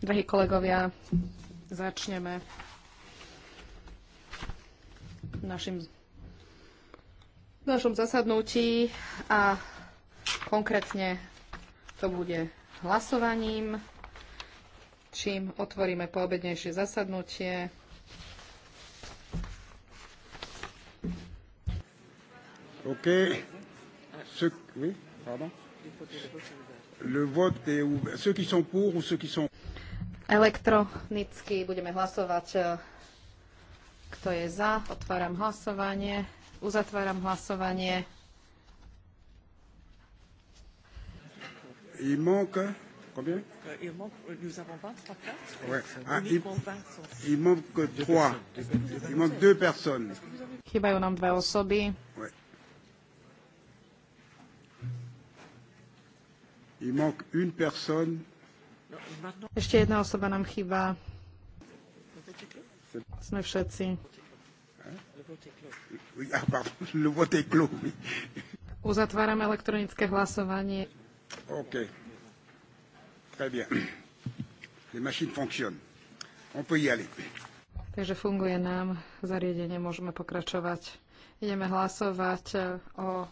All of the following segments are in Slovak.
Drahí kolegovia, začneme v našom zasadnutí a konkrétne to bude hlasovaním, čím otvoríme poobednejšie zasadnutie. OK. Ce... Oui, pardon. Elektronicky budeme hlasovať. E, kto je za? Otváram hlasovanie. Uzatváram hlasovanie. Il manque combien euh, Il manque, euh, nous avons 23 Ouais. Ah, il, il manque Il manque personnes. Chýbajú nám dve osoby. Ouais. Il Ešte jedna osoba nám chýba. Sme všetci. Ah, Uzatváram elektronické hlasovanie. OK. Très bien. Les machines fonctionnent. On peut y aller. Takže funguje nám zariadenie, môžeme pokračovať. Ideme hlasovať eh, o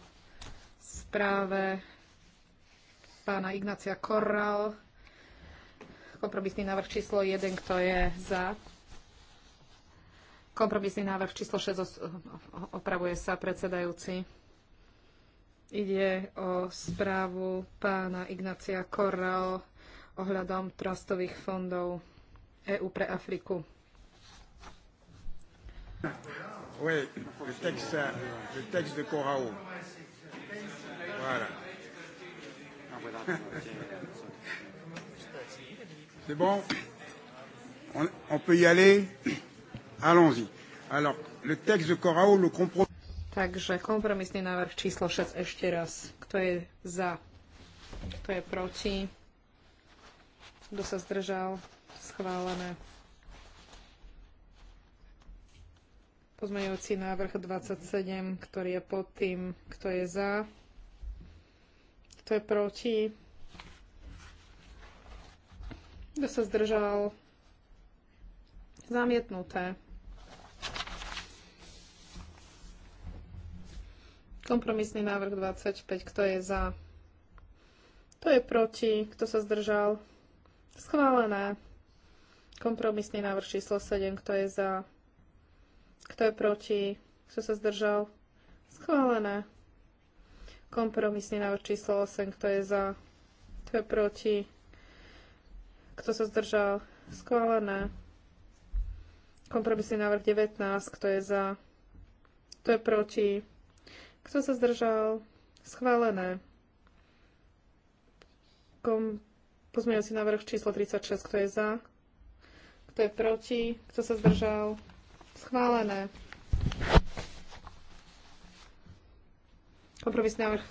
správe pána Ignácia Korral. Kompromisný návrh číslo 1, kto je za. Kompromisný návrh číslo 6 opravuje sa predsedajúci. Ide o správu pána Ignácia Korral ohľadom trastových fondov EÚ pre Afriku. Oui, le texte, le texte de Corao. Voilà. C'est bon on, on peut y aller Allons-y. Alors, le texte de Corao, le compromis... Takže kompromisný návrh číslo 6 ešte raz. Kto je za? Kto je proti? Kto sa zdržal? Schválené. Pozmeňujúci návrh 27, ktorý je pod tým, kto je za, kto je proti? Kto sa zdržal? Zamietnuté. Kompromisný návrh 25. Kto je za? Kto je proti? Kto sa zdržal? Schválené. Kompromisný návrh číslo 7. Kto je za? Kto je proti? Kto sa zdržal? Schválené. Kompromisný návrh číslo 8, kto je za, kto je proti, kto sa zdržal, schválené. Kompromisný návrh 19, kto je za, kto je proti, kto sa zdržal, schválené. Kom- si návrh číslo 36, kto je za, kto je proti, kto sa zdržal, schválené. Kompromisný návrh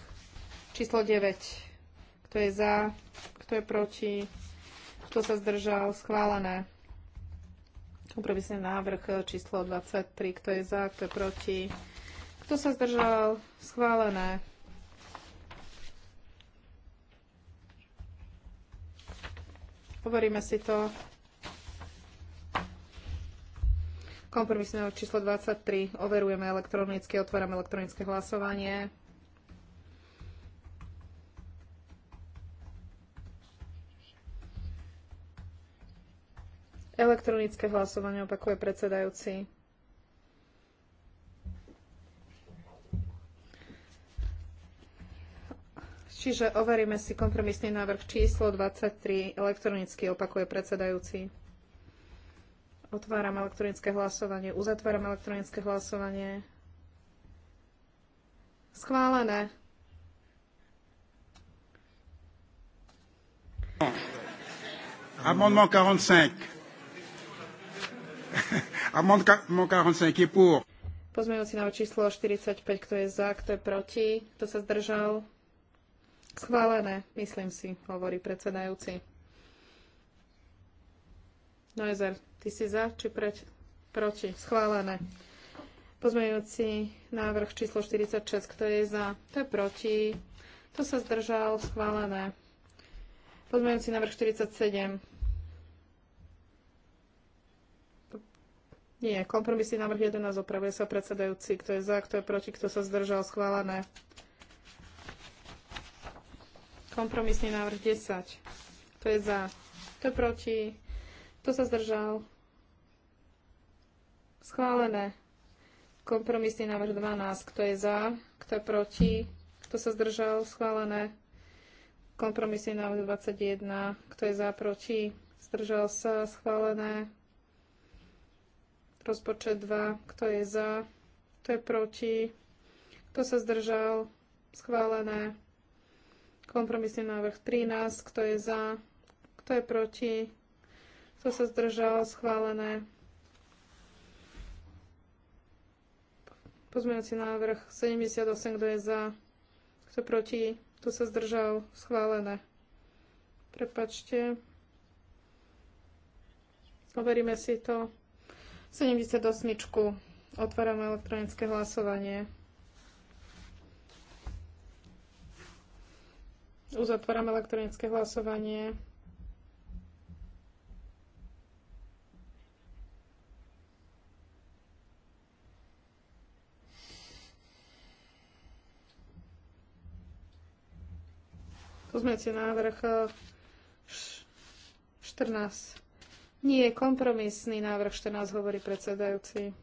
číslo 9. Kto je za? Kto je proti? Kto sa zdržal? Schválené. Kompromisný návrh číslo 23. Kto je za? Kto je proti? Kto sa zdržal? Schválené. Overíme si to. Kompromisného číslo 23. Overujeme elektronicky, otváram elektronické hlasovanie. Elektronické hlasovanie opakuje predsedajúci. Čiže overíme si kompromisný návrh číslo 23. Elektronicky opakuje predsedajúci. Otváram elektronické hlasovanie, uzatváram elektronické hlasovanie. Schválené. Amendement 45. Monka Honsenek je pour. Pozmeňujúci návrh číslo 45, kto je za, kto je proti, kto sa zdržal. Schválené, myslím si, hovorí predsedajúci. Noizer, ty si za či preč, proti? Schválené. Pozmeňujúci návrh číslo 46, kto je za, kto je proti, kto sa zdržal, schválené. Pozmeňujúci návrh 47, Nie. Kompromisný návrh 11 opravuje sa predsedajúci. Kto je za, kto je proti, kto sa zdržal, schválené. Kompromisný návrh 10. Kto je za, kto je proti, kto sa zdržal, schválené. Kompromisný návrh 12. Kto je za, kto je proti, kto sa zdržal, schválené. Kompromisný návrh 21. Kto je za, proti, zdržal sa, schválené. Rozpočet 2. Kto je za? Kto je proti? Kto sa zdržal? Schválené. Kompromisný návrh 13. Kto je za? Kto je proti? Kto sa zdržal? Schválené. Pozmeňujúci návrh 78. Kto je za? Kto je proti? Kto sa zdržal? Schválené. Prepačte. Overíme si to. 78. Otváram elektronické hlasovanie. Uzatváram elektronické hlasovanie. Pozmete návrh 14. Eh, nie, kompromisný návrh 14 hovorí predsedajúci.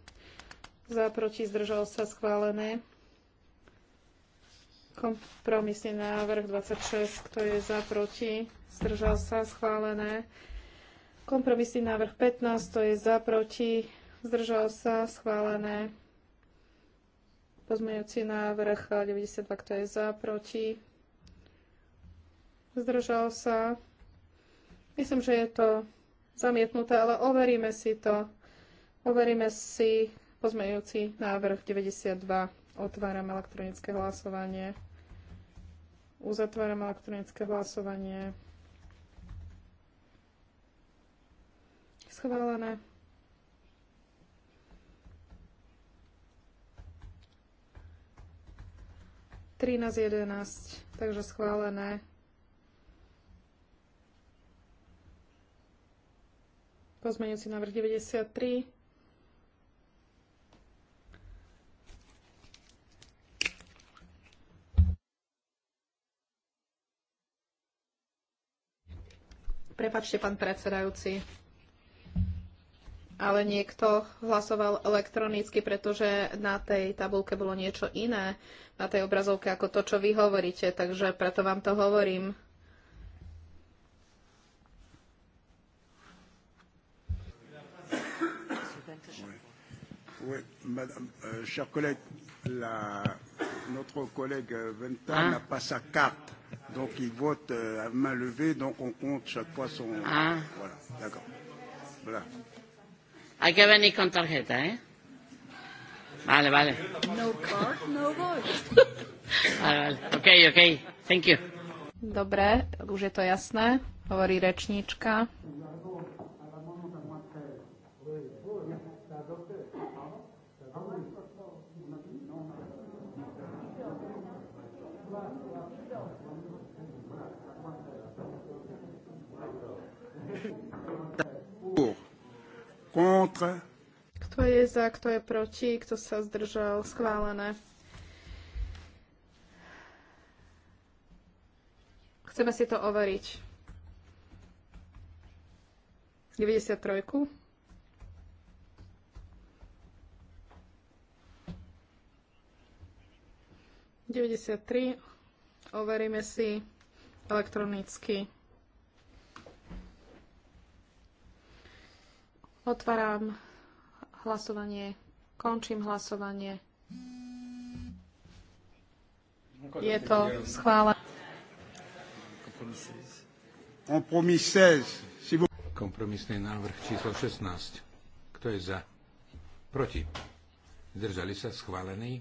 Za proti zdržal sa schválené. Kompromisný návrh 26, kto je za proti, zdržal sa schválené. Kompromisný návrh 15, to je za proti, zdržal sa schválené. Pozmeňujúci návrh 92, kto je za proti, zdržal sa. Myslím, že je to zamietnuté, ale overíme si to. Overíme si pozmeňujúci návrh 92. Otváram elektronické hlasovanie. Uzatváram elektronické hlasovanie. Schválené. Trinásť jedenásť, takže schválené. Pozmeňujúci návrh 93. Prepačte, pán predsedajúci, ale niekto hlasoval elektronicky, pretože na tej tabulke bolo niečo iné, na tej obrazovke, ako to, čo vy hovoríte, takže preto vám to hovorím. Oui, madame, euh, chers la, notre collègue euh, Venta hein? n'a pas sa carte, donc il vote euh, à main levée, donc on compte chaque fois son. Hein? Voilà, d'accord. Voilà. Hay que venir con tarjeta, ¿eh? Vale, vale. No card, no vote. vale, vale. OK, OK. Thank you. Dobre, už je to jasné, hovorí rečníčka. Contre. Kto je za, kto je proti, kto sa zdržal, schválené. Chceme si to overiť. 93. 93. Overíme si elektronicky. Otváram hlasovanie. Končím hlasovanie. Je to schválené. Kompromisný návrh číslo 16. Kto je za? Proti. Zdržali sa schválený.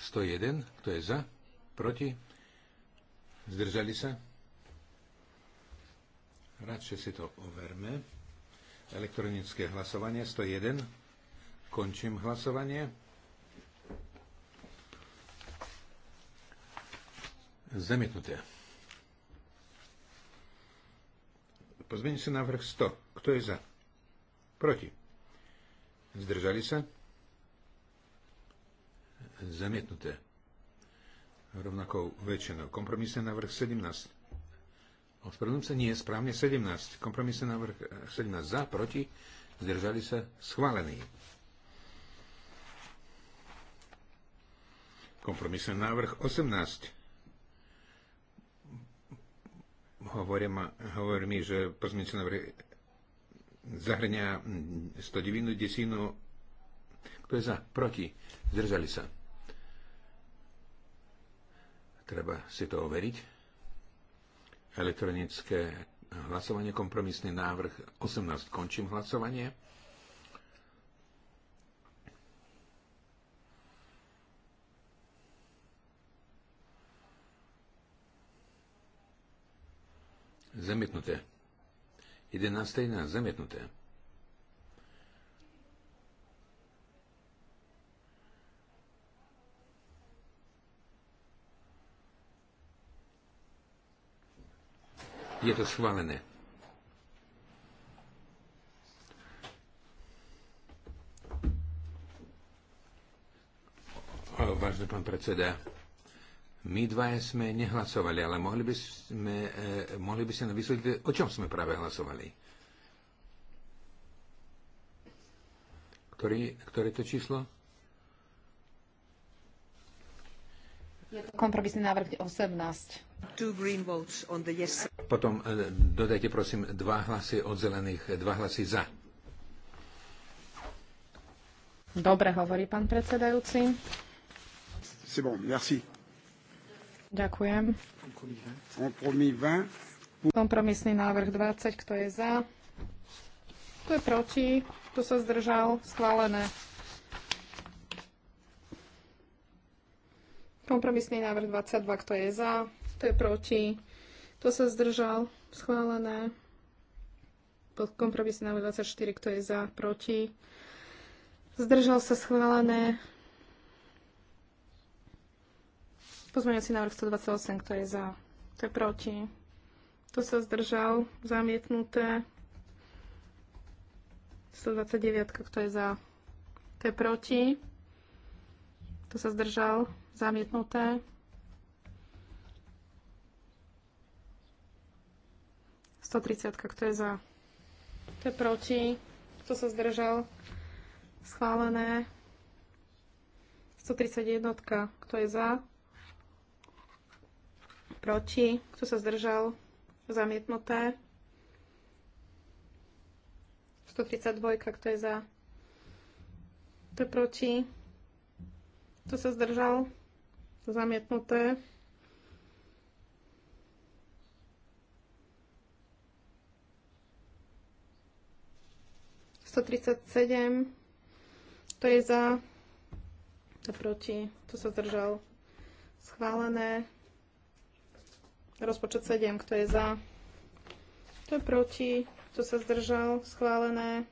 101. Kto je za? Proti? Zdržali sa? Radšej si to overme. Elektronické hlasovanie 101. Končím hlasovanie. Zamietnuté. Pozmeňte sa návrh 100. Kto je za? Proti. Zdržali sa? zamietnuté. Rovnako väčšinou. Kompromisný návrh 17. Ospravedlňujem sa, nie, správne 17. Kompromisný návrh 17 e, za, proti, zdržali sa, schválený. Kompromisný návrh 18. Hovorí, ma, hovorí mi, že pozmeňujúci návrh zahrňa 109 mm, desínu. Kto je za? Proti. Zdržali sa. Treba si to overiť. Elektronické hlasovanie, kompromisný návrh 18. Končím hlasovanie. Zamietnuté. 11. na zamietnuté. Je to schválené. Vážne pán predseda, my dvaja sme nehlasovali, ale mohli by, sme, eh, mohli by ste nám vysvetliť, o čom sme práve hlasovali? Ktorý, ktoré to číslo? Je to kompromisný návrh 18. Yes. Potom e, dodajte prosím dva hlasy od zelených, e, dva hlasy za. Dobre hovorí pán predsedajúci. C'est bon, merci. Ďakujem. Kompromis 20. Kompromisný návrh 20, kto je za? Kto je proti? Kto sa zdržal? Schválené. Kompromisný návrh 22, kto je za, kto je proti, kto sa zdržal, schválené. Kompromisný návrh 24, kto je za, proti, zdržal sa, schválené. Pozmeňujúci návrh 128, kto je za, kto je proti, kto sa zdržal, zamietnuté. 129, kto je za, kto je proti, kto sa zdržal, Zamietnuté. 130, kto je za? Kto je proti? Kto sa zdržal? Schválené. 131, kto je za? Proti? Kto sa zdržal? Zamietnuté. 132, kto je za? Kto je proti? Kto sa zdržal? Zamietnuté. Sto tridsať sedem. To je za. a proti. To sa zdržal. Schválené. Rozpočet 7. Kto je za? To je proti? to sa zdržal? Schválené.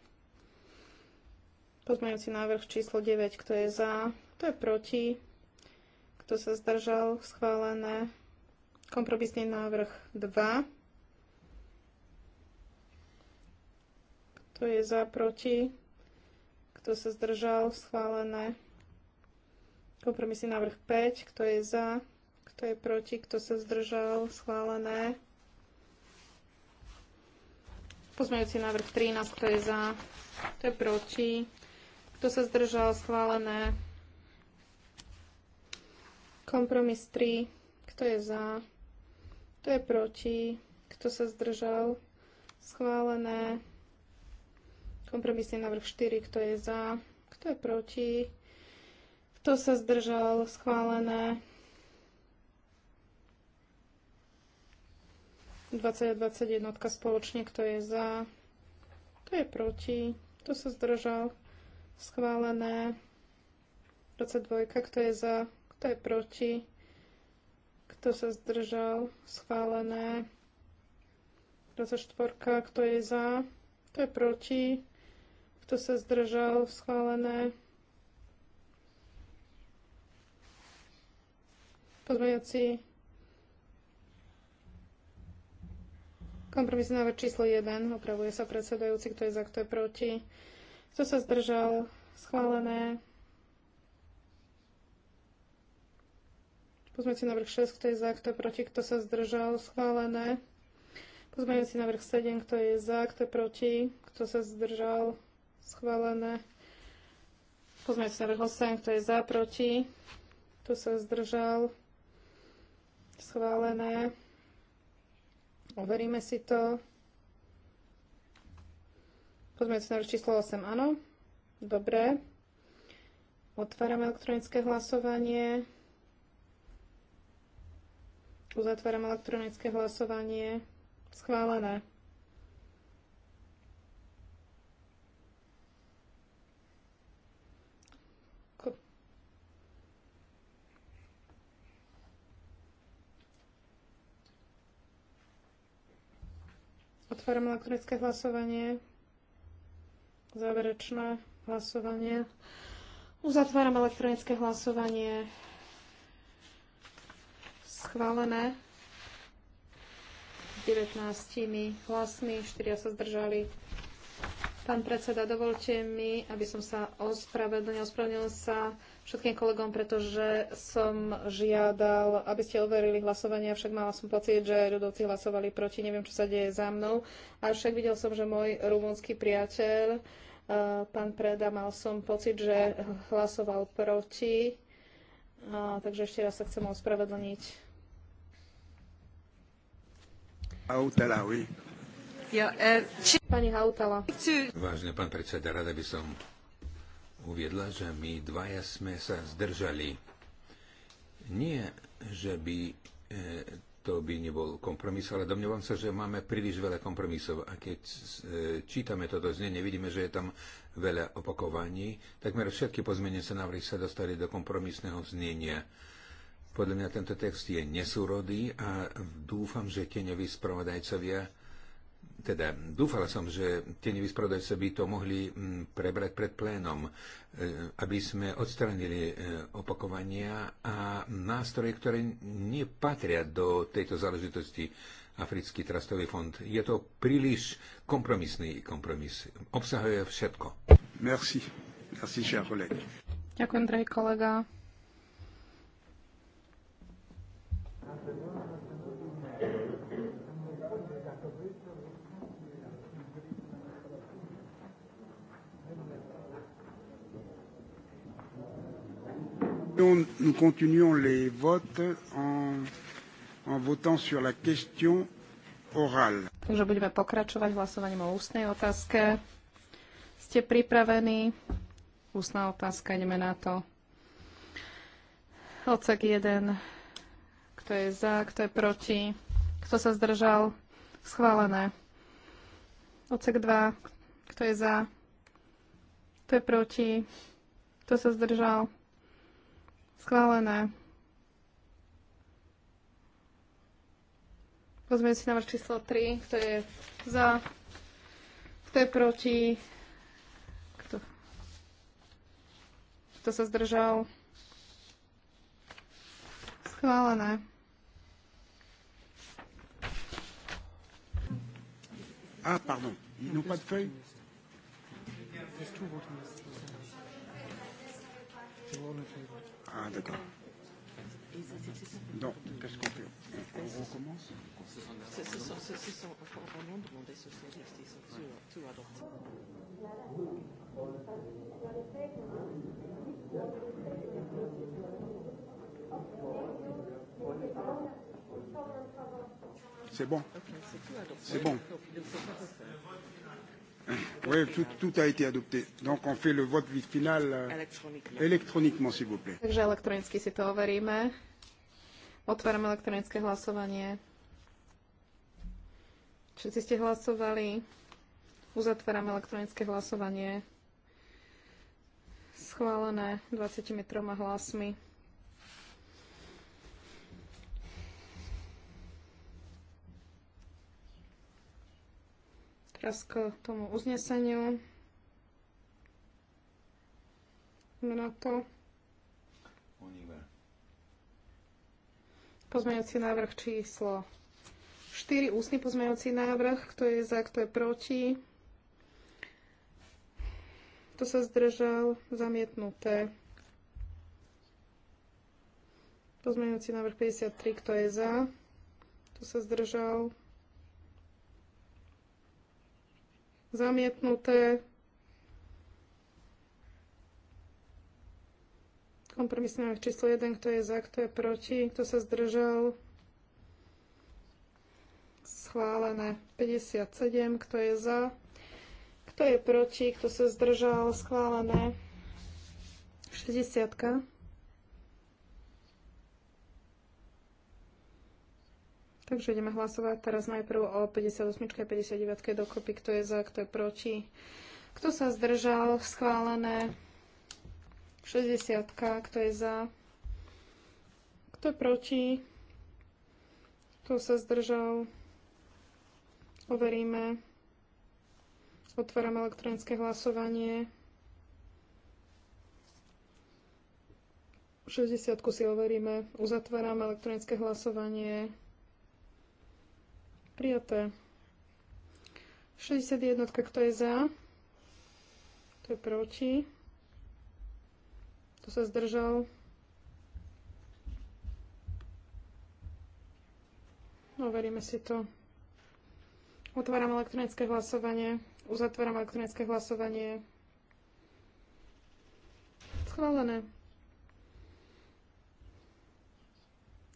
Pozmeňujúci návrh číslo 9. Kto je za? to je proti? Kto sa zdržal? Schválené. Kompromisný návrh 2. Kto je za, proti? Kto sa zdržal? Schválené. Kompromisný návrh 5. Kto je za? Kto je proti? Kto sa zdržal? Schválené. Pozmeňujúci návrh 13. Kto je za? Kto je proti? Kto sa zdržal? Schválené. Kompromis 3. Kto je za? Kto je proti? Kto sa zdržal? Schválené. Kompromisný návrh 4. Kto je za? Kto je proti? Kto sa zdržal? Schválené. 20 a 21 spoločne. Kto je za? Kto je proti? Kto sa zdržal? Schválené. 22. Kto je za? Kto je proti? Kto sa zdržal? Schválené. 24. Kto je za? Kto je proti? Kto sa zdržal? Schválené. Pozmeňovací kompromisný návrh číslo 1. Opravuje sa predsedajúci, kto je za, kto je proti. Kto sa zdržal? Schválené. Pozmeňujúci návrh 6, kto je za, kto je proti, kto sa zdržal, schválené. Pozmeňujúci návrh 7, kto je za, kto je proti, kto sa zdržal, schválené. Pozmeňujúci návrh 8, kto je za, proti, kto sa zdržal, schválené. Overíme si to. Pozmeňujúci návrh číslo 8, áno. Dobre. Otvárame elektronické hlasovanie. Uzatváram elektronické hlasovanie. Schválené. Otváram elektronické hlasovanie. Záverečné hlasovanie. Uzatváram elektronické hlasovanie schválené 19 hlasmi, 4 sa zdržali. Pán predseda, dovolte mi, aby som sa ospravedlnil. Ospravedlnil sa všetkým kolegom, pretože som žiadal, aby ste overili hlasovanie, však mala som pocit, že ľudovci hlasovali proti, neviem, čo sa deje za mnou. A však videl som, že môj rumúnsky priateľ, eh, pán Preda, mal som pocit, že hlasoval proti. Takže ešte raz sa chcem ospravedlniť. Hautala, eh, Vážne, pán predseda, rada by som uviedla, že my dvaja sme sa zdržali. Nie, že by e, to by nebol kompromis, ale domnievam sa, že máme príliš veľa kompromisov. A keď eh, čítame toto znenie, vidíme, že je tam veľa opakovaní. Takmer všetky pozmeniace návrhy sa dostali do kompromisného znenia. Podľa mňa tento text je nesúrodý a dúfam, že tieňoví spravodajcovia teda dúfala som, že tie nevyspravodajce by to mohli mm, prebrať pred plénom, e, aby sme odstranili e, opakovania a nástroje, ktoré nepatria do tejto záležitosti Africký trastový fond. Je to príliš kompromisný kompromis. Obsahuje všetko. Merci. Merci, cher Ďakujem, drahý kolega. Nous continuons les votes en, en votant sur la question orale. Takže budeme pokračovať hlasovaním o ústnej otázke. Ste pripravení? Ústna otázka, ideme na to. Odsek 1 kto je za, kto je proti, kto sa zdržal, schválené. Odsek 2, kto je za, kto je proti, kto sa zdržal, schválené. Pozrieme si návrh číslo 3, kto je za, kto je proti, kto, kto sa zdržal, schválené. Ah, pardon, ils n'ont pas de feuilles Ah, d'accord. Donc, qu'est-ce qu'on fait On recommence C'est bon C'est bon. Oui, tout, tout a été adopté. Donc on fait le vote final euh, électroniquement, s'il vous plaît. Takže elektronicky si to overíme. Otvárame elektronické hlasovanie. Všetci ste hlasovali. Uzatváram elektronické hlasovanie. Schválené 23 hlasmi. teraz k tomu uzneseniu. Na to. Pozmeňujúci návrh číslo 4, ústny pozmeňujúci návrh, kto je za, kto je proti. Kto sa zdržal, zamietnuté. Pozmeňujúci návrh 53, kto je za, kto sa zdržal, zamietnuté. zamietnuté. Kompromisný návrh číslo 1, kto je za, kto je proti, kto sa zdržal. Schválené 57, kto je za, kto je proti, kto sa zdržal. Schválené 60. Takže ideme hlasovať teraz najprv o 58 a 59 dokopy, kto je za, kto je proti. Kto sa zdržal? Schválené. 60 kto je za. Kto je proti? Kto sa zdržal? Overíme. Otváram elektronické hlasovanie. 60 si overíme. Uzatváram elektronické hlasovanie. Prijaté. 61. Kto je za? Kto je proti? Kto sa zdržal? No, veríme si to. Otváram elektronické hlasovanie. Uzatváram elektronické hlasovanie. Schválené.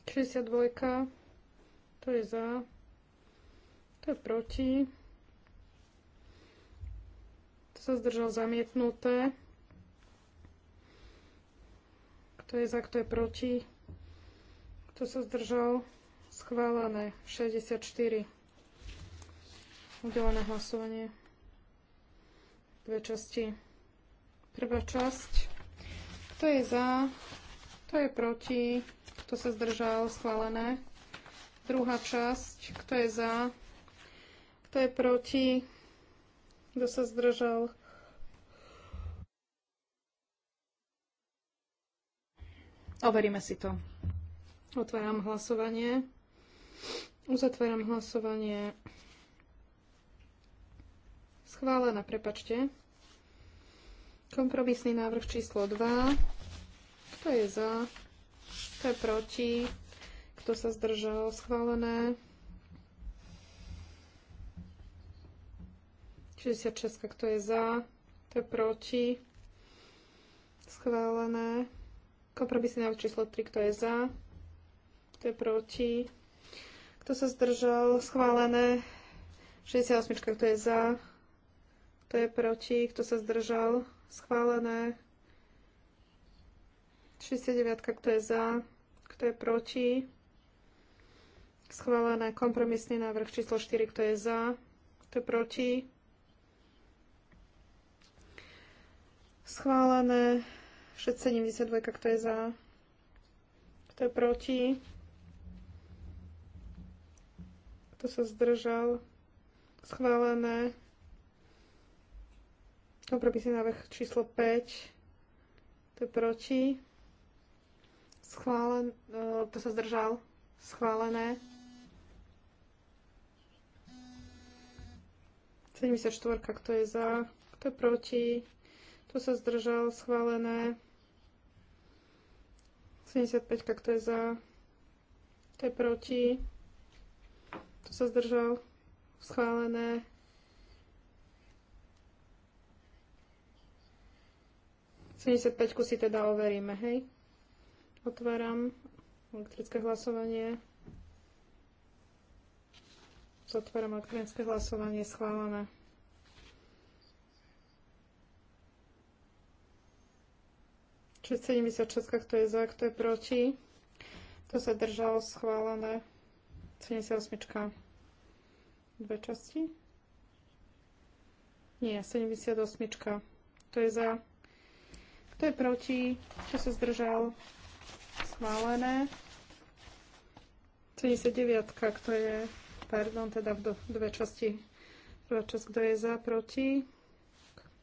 62. To je za. To je proti. To sa zdržal zamietnuté. Kto je za, kto je proti. Kto sa zdržal? Schválené. 64. Udelené hlasovanie. Dve časti. Prvá časť. Kto je za? Kto je proti? Kto sa zdržal? Schválené. Druhá časť. Kto je za? Kto je proti? Kto sa zdržal? Overíme si to. Otváram hlasovanie. Uzatváram hlasovanie. Schválená, prepačte. Kompromisný návrh číslo 2. Kto je za? Kto je proti? Kto sa zdržal? Schválené. 66, kto je za, kto je proti, schválené. Kompromisný návrh číslo 3, kto je za, kto je proti, kto sa zdržal, schválené. 68, kto je za, kto je proti, kto sa zdržal, schválené. 69, kto je za, kto je proti, schválené. Kompromisný návrh číslo 4, kto je za, kto je proti, Schválené 672, kto je za, kto je proti, kto sa zdržal. Schválené kompromisný návrh číslo 5, to je proti, schválen, e, Kto sa zdržal, schválené. 74, kto je za, kto je proti, kto sa zdržal? Schválené. 75, kto je za? Kto je proti? Kto sa zdržal? Schválené. Sedemdesiatpäťku si teda overíme, hej? Otváram elektrické hlasovanie. Zatváram elektronické hlasovanie, schválené. Čiže 76, kto je za, kto je proti. Kto sa držal, schválené. 78. Dve časti. Nie, 78. Kto je za, kto je proti, kto sa zdržal, schválené. 79, kto je, pardon, teda v dve časti. Prvá časť, kto je za, proti,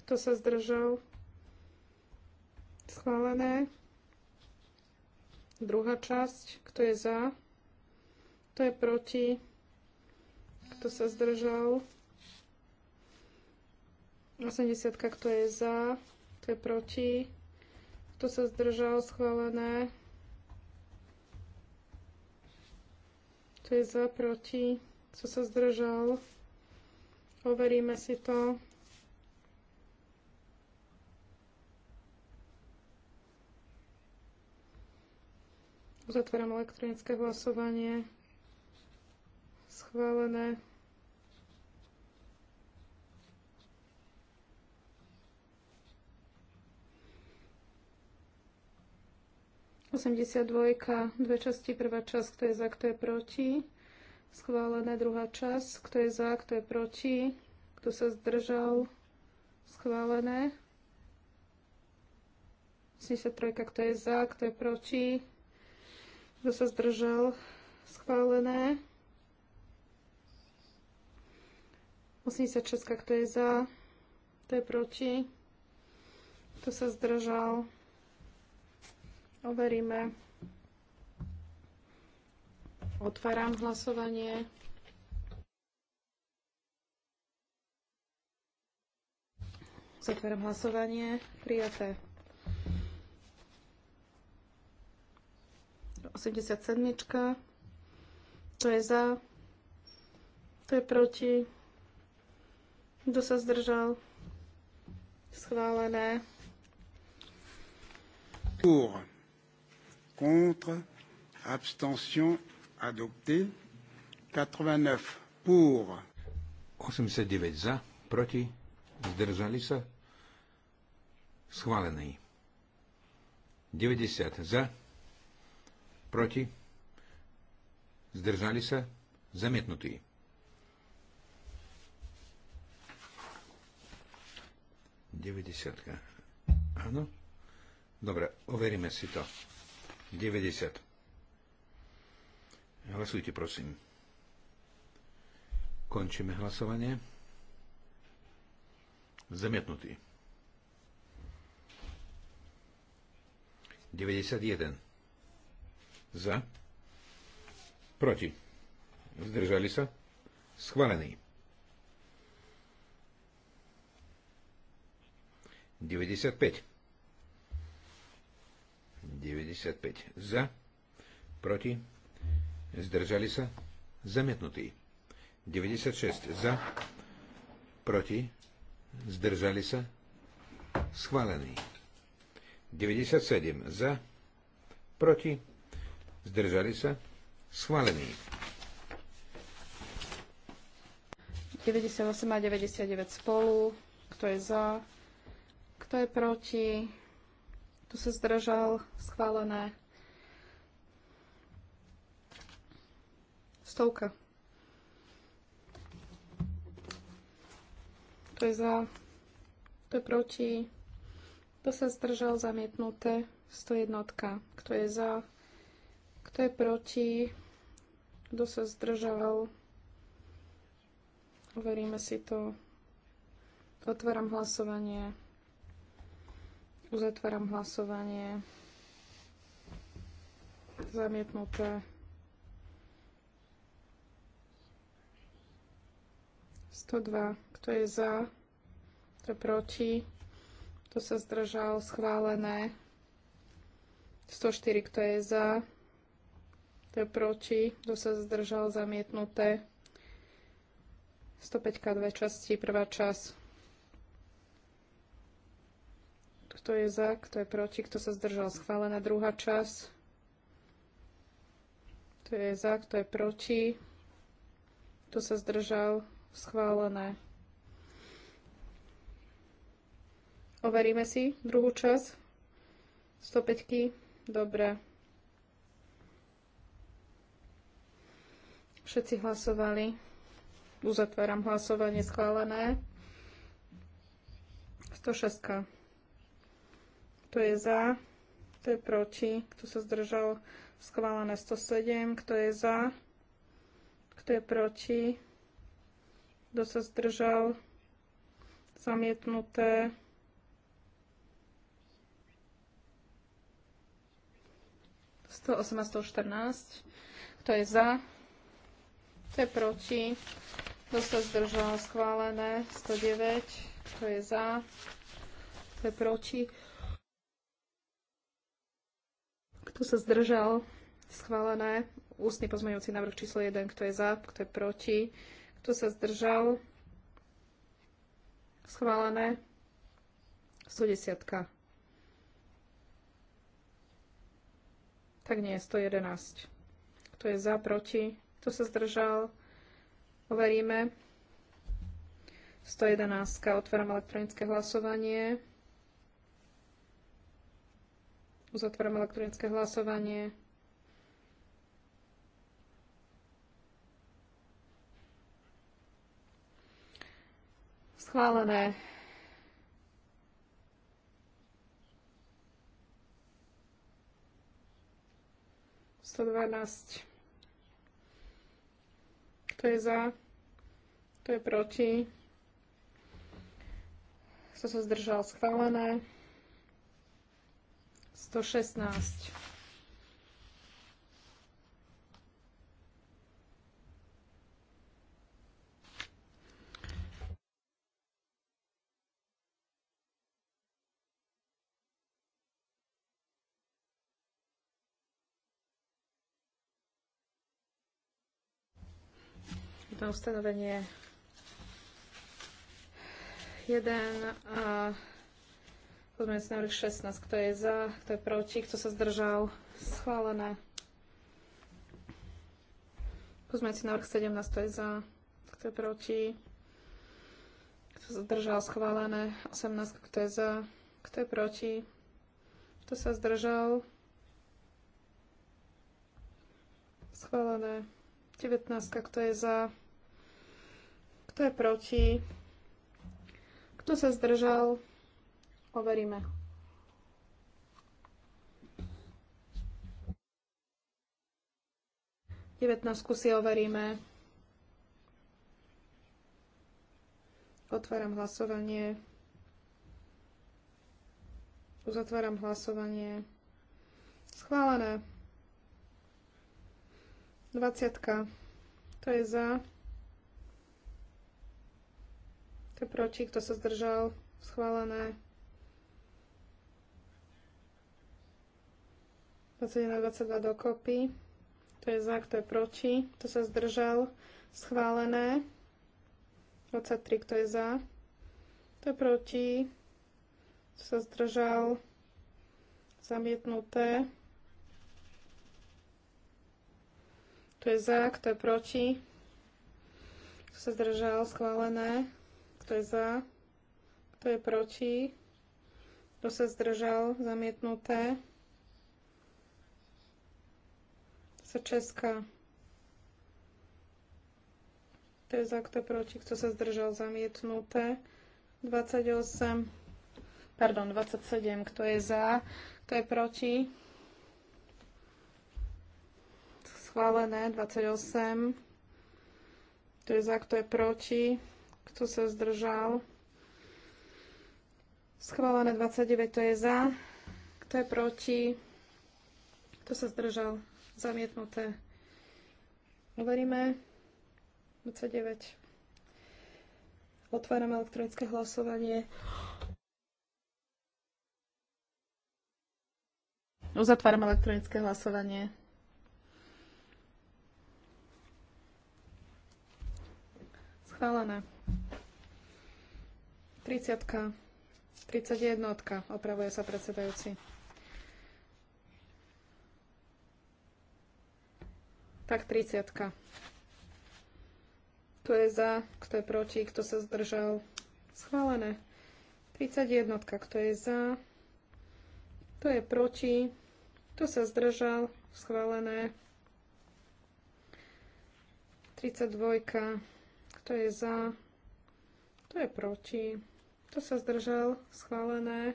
kto sa zdržal, Schválené. Druhá časť. Kto je za? Kto je proti? Kto sa zdržal? 80. Kto je za? Kto je proti? Kto sa zdržal? Schválené. Kto je za? Proti? Kto sa zdržal? Overíme si to. Uzatváram elektronické hlasovanie. Schválené. Osemdesiat dvojka, dve časti, prvá časť, kto je za, kto je proti. Schválené druhá časť, kto je za, kto je proti, kto sa zdržal. Schválené. 83, kto je za, kto je proti. Kto sa zdržal? Schválené. 86, kto je za? Kto je proti? Kto sa zdržal? Overíme. Otváram hlasovanie. Zatváram hlasovanie. Prijaté. 87. To je za. To je proti. Kto sa zdržal? Schválené. Pour. Contre. Abstention. Adopté. 89. Pour. 89 za. Proti. Zdržali sa. Schválený. 90 za proti, zdržali sa, zamietnutí. Devedesiatka. Áno? Dobre, overíme si to. 90. Hlasujte, prosím. Končíme hlasovanie. Zamietnutý. 91. Za. Proti. Zdržali sa. Schválený. 95. 95. Za. Proti. Zdržali sa. Zamietnutý. 96. Za. Proti. Zdržali sa. Schválený. 97. Za. Proti. Zdržali sa? Schválený. 98 a 99 spolu. Kto je za? Kto je proti? Tu sa zdržal. Schválené. Stovka. Kto je za? Kto je proti? Kto sa zdržal? Zamietnuté. 101. Kto je za? Kto je proti? Kto sa zdržal? Overíme si to. Otváram hlasovanie. Uzatváram hlasovanie. Zamietnuté. 102. Kto je za? Kto je proti? Kto sa zdržal? Schválené. 104. Kto je za? To je proti, kto sa zdržal zamietnuté. 105 dve časti, prvá čas. Kto je za, kto je proti, kto sa zdržal schválená druhá čas? Kto je za, kto je proti, kto sa zdržal schválené. Overíme si druhú čas? 105. -ky. Dobre. Všetci hlasovali. Uzatváram hlasovanie schválené. 106. Kto je za? Kto je proti? Kto sa zdržal? Schválené 107. Kto je za? Kto je proti? Kto sa zdržal? Zamietnuté. Sto osemnásť, Kto je za? Kto je proti? Kto sa zdržal? Schválené. 109. Kto je za? Kto je proti? Kto sa zdržal? Schválené. Ústny pozmeňujúci návrh číslo 1. Kto je za? Kto je proti? Kto sa zdržal? Schválené. 110. Tak nie, 111. Kto je za, proti? Kto sa zdržal? Overíme. 111. Otváram elektronické hlasovanie. Uzatváram elektronické hlasovanie. Schválené. Sto dvanásť. Kto je za? Kto je proti? Kto sa zdržal? Schválené. 116. to ustanovenie 1 a pozmeňujúci návrh 16. Kto je za, kto je proti, kto sa zdržal? Schválené. Pozmeňujúci návrh 17. Kto je za, kto je proti, kto sa zdržal? Schválené. 18. Kto je za, kto je proti, kto sa zdržal? Schválené. 19. Kto je za, kto je proti? Kto sa zdržal? Overíme. Devetnáctku si overíme. Otváram hlasovanie. Uzatváram hlasovanie. Schválené. 20. To je za. Kto je proti? Kto sa zdržal? Schválené. 21 a 22 dokopy. To je za, kto je proti. Kto sa zdržal? Schválené. 23, kto je za? Kto je proti? Kto sa zdržal? Zamietnuté. Kto je za? Kto je proti? Kto sa zdržal? Schválené. Kto je za? Kto je proti? Kto sa zdržal? Zamietnuté. Sa Česká. Kto je za, kto je proti, kto sa zdržal, zamietnuté. 28, pardon, 27, kto je za, kto je proti. Schválené, 28. Kto je za, kto je proti. Kto sa zdržal? Schválené 29, to je za. Kto je proti? Kto sa zdržal? Zamietnuté. Overíme. 29. Otvárame elektronické hlasovanie. Uzatváram elektronické hlasovanie. Schválené. 30. -ka. 31. Opravuje sa predsedajúci. Tak 30. -ka. Kto je za, kto je proti, kto sa zdržal. Schválené. 31. Kto je za, kto je proti, kto sa zdržal. Schválené. 32. Kto je za, kto je proti. Kto sa zdržal? Schválené.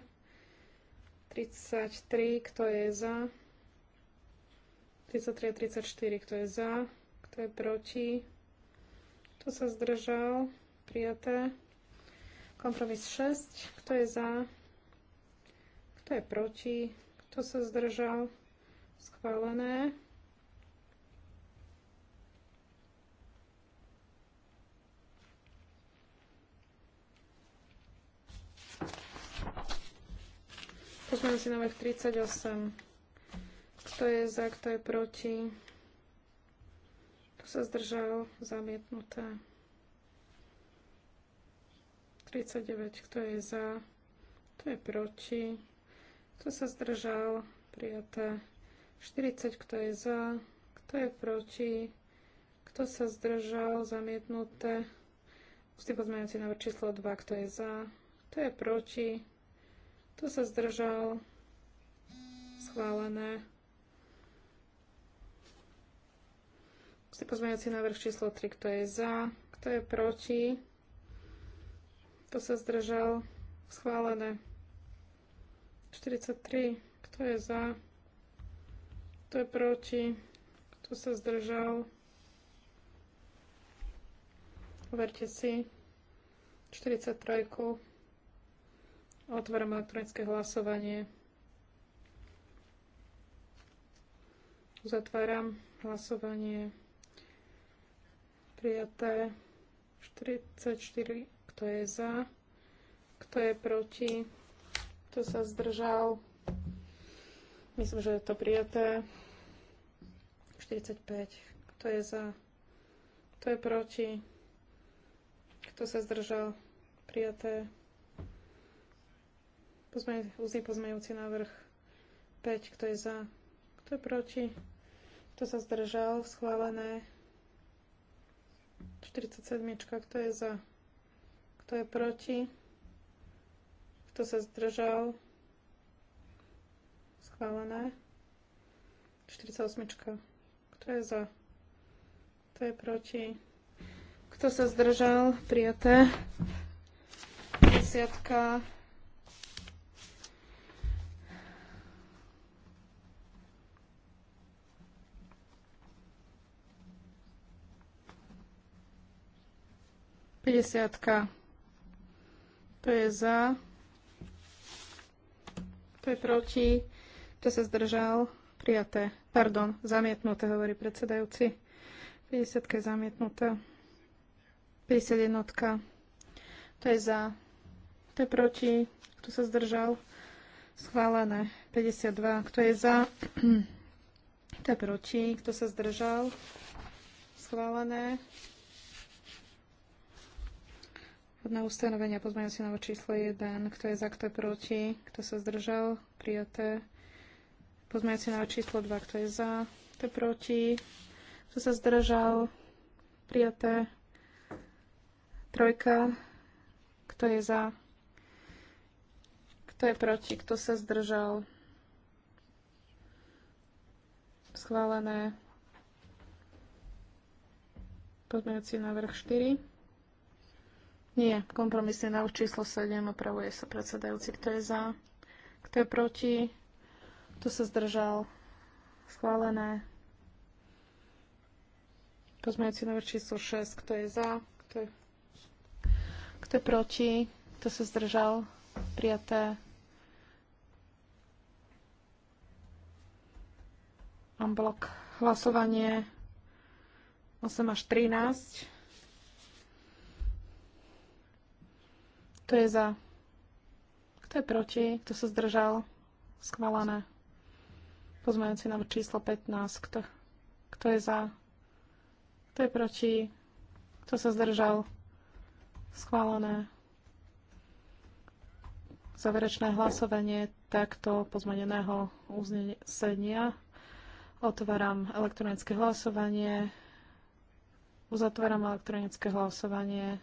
33, kto je za? 33 a 34, kto je za? Kto je proti? Kto sa zdržal? Prijaté. Kompromis 6, kto je za? Kto je proti? Kto sa zdržal? Schválené. Pozmeňujúci návrh 38. Kto je za, kto je proti? Kto sa zdržal? Zamietnuté. 39. Kto je za? Kto je proti? Kto sa zdržal? Prijaté. 40. Kto je za? Kto je proti? Kto sa zdržal? Zamietnuté. Ústny pozmeňujúci návrh číslo 2. Kto je za? Kto je proti? Kto sa zdržal? Schválené. si návrh číslo 3. Kto je za? Kto je proti? Kto sa zdržal? Schválené. 43. Kto je za? Kto je proti? Kto sa zdržal? Overte si. 43. Otváram elektronické hlasovanie. Uzatváram hlasovanie. Prijaté 44. Kto je za? Kto je proti? Kto sa zdržal? Myslím, že je to prijaté. 45. Kto je za? Kto je proti? Kto sa zdržal? Prijaté. Pozmeň, úzný návrh 5. Kto je za? Kto je proti? Kto sa zdržal? Schválené. 47. Kto je za? Kto je proti? Kto sa zdržal? Schválené. 48. Kto je za? Kto je proti? Kto sa zdržal? Prijaté. Desiatka. 50. To je za. To je proti. To sa zdržal. Prijaté. Pardon, zamietnuté, hovorí predsedajúci. 50 je zamietnuté. 51. To je za. To je proti. Kto sa zdržal? Schválené. 52. Kto je za? To je proti? Kto sa zdržal? Schválené. Hodné ustanovenia, pozmeňujúci návrh číslo 1. Kto je za, kto je proti? Kto sa zdržal? Prijaté. Pozmeňujúci návrh číslo 2. Kto je za? Kto je proti? Kto sa zdržal? Prijaté. Trojka. Kto je za? Kto je proti? Kto sa zdržal? Schválené. Pozmeňujúci návrh 4. Nie, kompromisný návrh číslo 7, opravuje sa predsedajúci. Kto je za? Kto je proti? Kto sa zdržal? Schválené. Pozmejúci návrh číslo 6, kto je za? Kto je, kto je proti? Kto sa zdržal? Prijaté. blok hlasovanie 8 až 13. Kto je za? Kto je proti? Kto sa zdržal? Schválené. Pozmeňujúci návrh číslo 15. Kto, kto je za? Kto je proti? Kto sa zdržal? Schválené. Záverečné hlasovanie takto pozmeneného uznesenia. Otváram elektronické hlasovanie. Uzatváram elektronické hlasovanie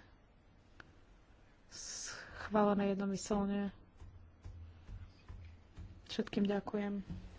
schválené jednomyselne. Všetkým ďakujem.